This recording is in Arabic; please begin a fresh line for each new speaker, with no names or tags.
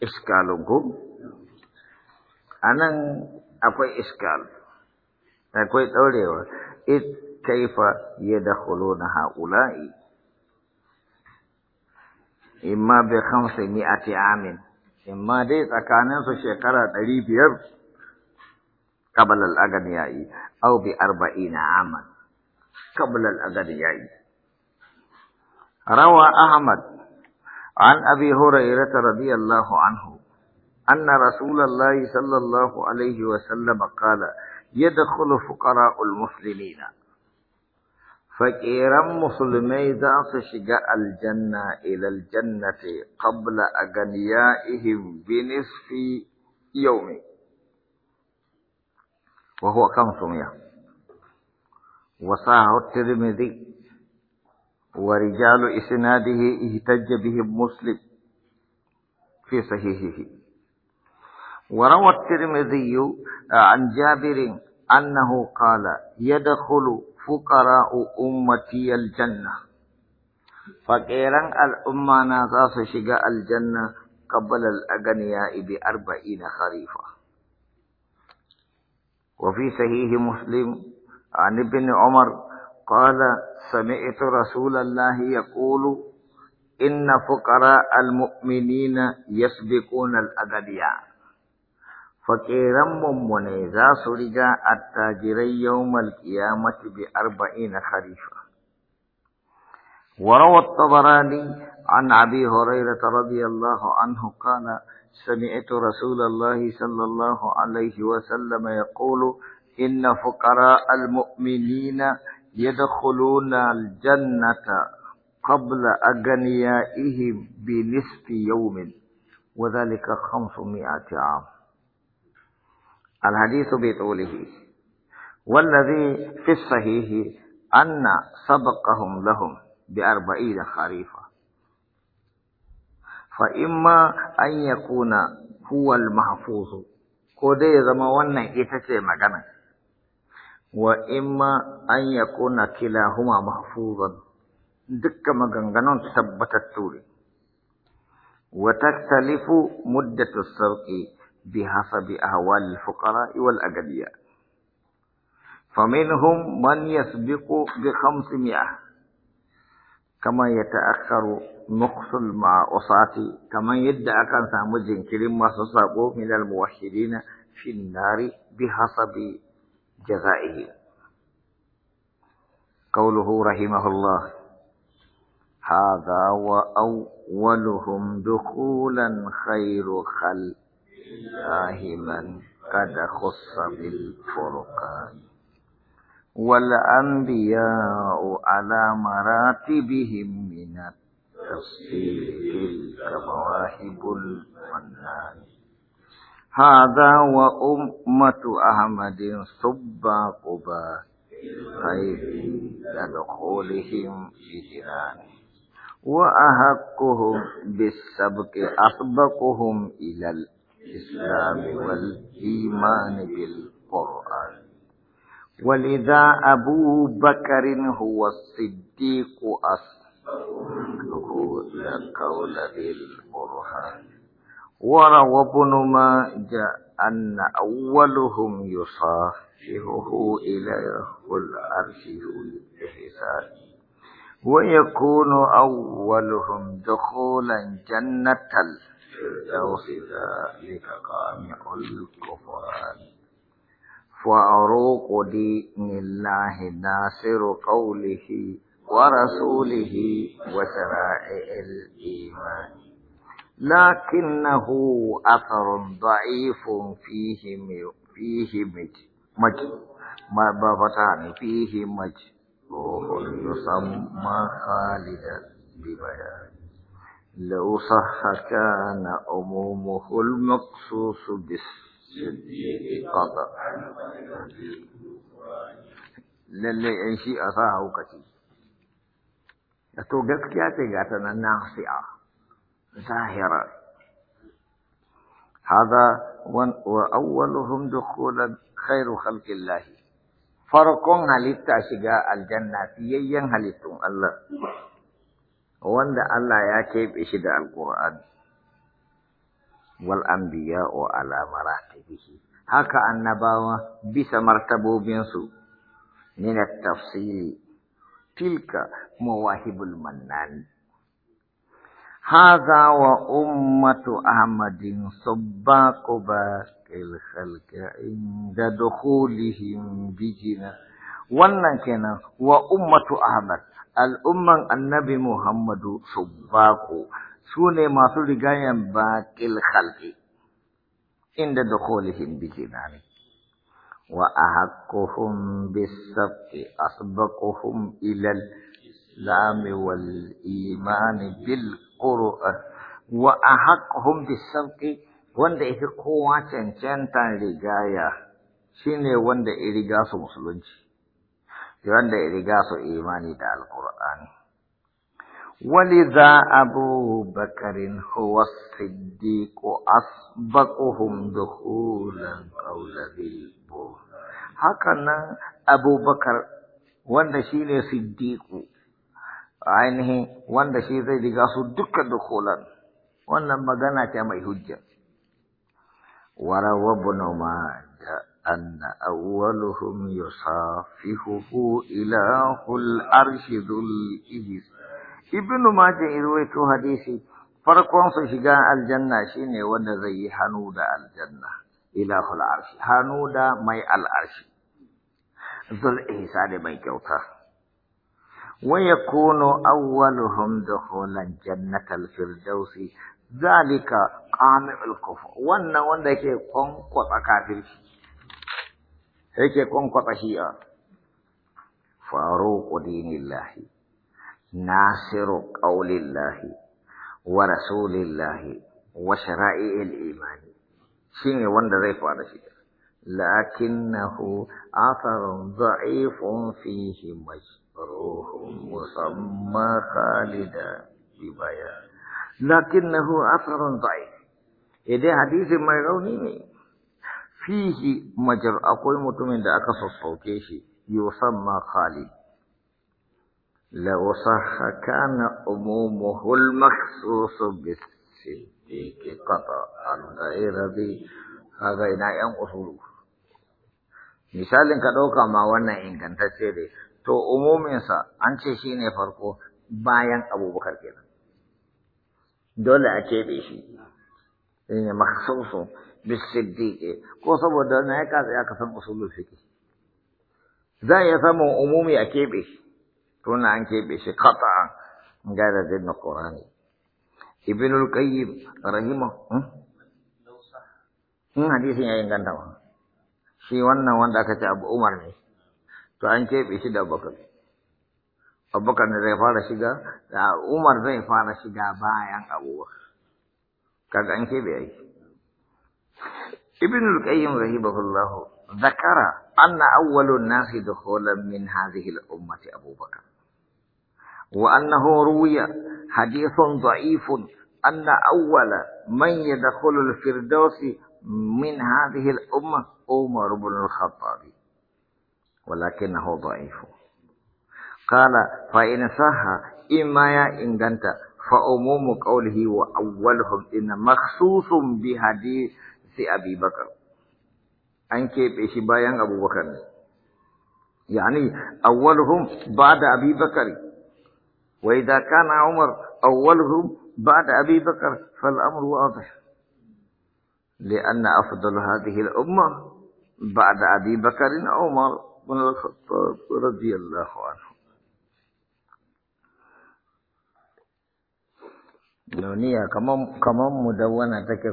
iskalogum. Anang akwai iskal? Tak kau tahu dia. It kaifa yadkhuluna haula'i. Imma bi khamsi mi'ati amin. Imma dai takana su syakara dari biar kabal al-agadiyai. Au bi arba'ina aman. Kabal al-agadiyai. Rawa Ahmad عن أبي هريرة رضي الله عنه أن رسول الله صلى الله عليه وسلم قال يدخل فقراء المسلمين فقير مسلمي ذاس شجاء الجنة إلى الجنة قبل أغنيائهم بنصف يوم وهو سمية وصاح الترمذي ورجال إسناده اهتج به مسلم في صحيحه وروى الترمذي عن جابر أنه قال يدخل فقراء أمتي الجنة فقيران الأمة نازاس شقاء الجنة قبل الأغنياء بأربعين خريفا وفي صحيح مسلم عن ابن عمر قال سمعت رسول الله يقول إن فقراء المؤمنين يسبقون الأغنياء فكيرم ممن إذا سرجا التاجري يوم القيامة بأربعين خريفا وروى الطبراني عن أبي هريرة رضي الله عنه قال سمعت رسول الله صلى الله عليه وسلم يقول إن فقراء المؤمنين يدخلون الجنة قبل أغنيائهم بنصف يوم وذلك خمسمائة عام الحديث بطوله والذي في الصحيح أن سبقهم لهم بأربعين خريفة فإما أن يكون هو المحفوظ كودي زمان wannan ita وإما أن يكون كلاهما محفوظا دك مغنغن ثبت التور وتختلف مدة السرق بحسب أهوال الفقراء والأغنياء فمنهم من يسبق بخمسمائة كما يتأخر نقص مع أصاتي كما يدعى كان سامجين كلمة سسابو من الموحدين في النار بحسب جزائه قوله رحمه الله هذا وأولهم دخولا خير خلق الله من قد خص بالفرقان والأنبياء على مراتبهم من التصديق تلك مواهب المنان هذا وأمة أحمد صبا قبا خير كدخولهم جنان وأحقهم بالسبق أسبقهم إلى الإسلام والإيمان بالقرآن ولذا أبو بكر هو الصديق أصله لقول ذي وروى ابن ماجه أن أولهم يصافحه إلى العرش بحساب ويكون أولهم دخولا جنة الفردوس ذلك قامع الكفران فاروق دين الله ناصر قوله ورسوله وشرائع الإيمان لكنه أثر ضعيف فيه فيه مج مج ما فتحني فيه روح يسمى خالدا ببيان لو صح كان أمومه المقصوص بالصدق قضى lallai ‘yan shi'a كثير أتوقف كياتي to gaskiya ظاهرة هذا وأولهم دخولا خير خلق الله فرقون هل شقاء الجنة في هل هلتون الله وان الله يكيب إشداء القرآن والأنبياء على مراتبه هكا النباوة بس مرتبو بينسو من التفصيل تلك مواهب المنان هذا وأمة أحمد سباق باقي الخلق عند دخولهم بجنة wannan kenan wa ummatu ahmad al'umman annabi muhammadu subbaqu su ne masu rigayen baƙil khalqi inda dukhulihim bi jinani wa ahaqquhum bis sabqi asbaquhum ilal الإسلام والإيمان بالقرآن وأحقهم بالسبق wanda ya fi kowa cancantan rigaya shi ne wanda ya riga su musulunci, wanda ya riga su imani da Alƙur'ani. Wani za abu bakarin huwa siddiƙo asbaƙuhum duhulan ƙaulabibu. Haka nan abubakar wanda shi ne siddiƙo عينه وان شي زي دي غاسو دك دخولا وان مغنا كما يحج وروى ابن ماجه أن أولهم يصافحه إله الأرش ذو الإبس ابن ماجه إروي تو حديثي فرقون سيشيغا الجنة شيني وانا زي حنودا الجنة إله الأرش حنودا مي الأرش ذو الإحسان مي كوتا ويكون أولهم دخولا جنة الفردوس ذلك قامع الكفر وانا وانا كي قطع كافر هيك قطع شيئا فاروق دين الله ناصر قول الله ورسول الله وشرائع الإيمان شيني وانا زي فارا لكنه أثر ضعيف فيه مجد ruhum musamma khalida bibaya lakinnahu atharun baik jadi hadis yang mereka ini fihi majar akoi mutum yang akan sesuatu si yusamma khalid lau sahha kana umumuhul maksusu bisiddiqi kata andai rabi agai na yang usul misalnya kata oka mawana ingkan tersebut to umuminsa an ce shi ne farko bayan abubakar kenan dole a keɓe shi ne makasusu bisiddiƙe ko saboda na ya kasa ya kasan usulul fiqh za a iya samun umumi a keɓe shi to na an keɓe shi qata'an gada zai na Korani. ibn al-qayyim rahima in hmm? hmm, hadisin ya inganta shi wannan wanda aka ce abu umar ne தான் பேசிட்டு அப்பக்கர் ابن القيم رحمه الله ذكر أن أول الناس دخولا من هذه الأمة أبو بكر وأنه روي حديث ضعيف أن أول من يدخل الفردوس من هذه الأمة عمر بن الخطاب ولكنه ضعيف قال فإن صح إما يا إن دنت فأموم قوله وأولهم إن مخصوص بحديث أبي بكر أن كيف بيان أبو بكر يعني أولهم بعد أبي بكر وإذا كان عمر أولهم بعد أبي بكر فالأمر واضح لأن أفضل هذه الأمة بعد أبي بكر عمر بن الخطاب رضي الله عنه mu da take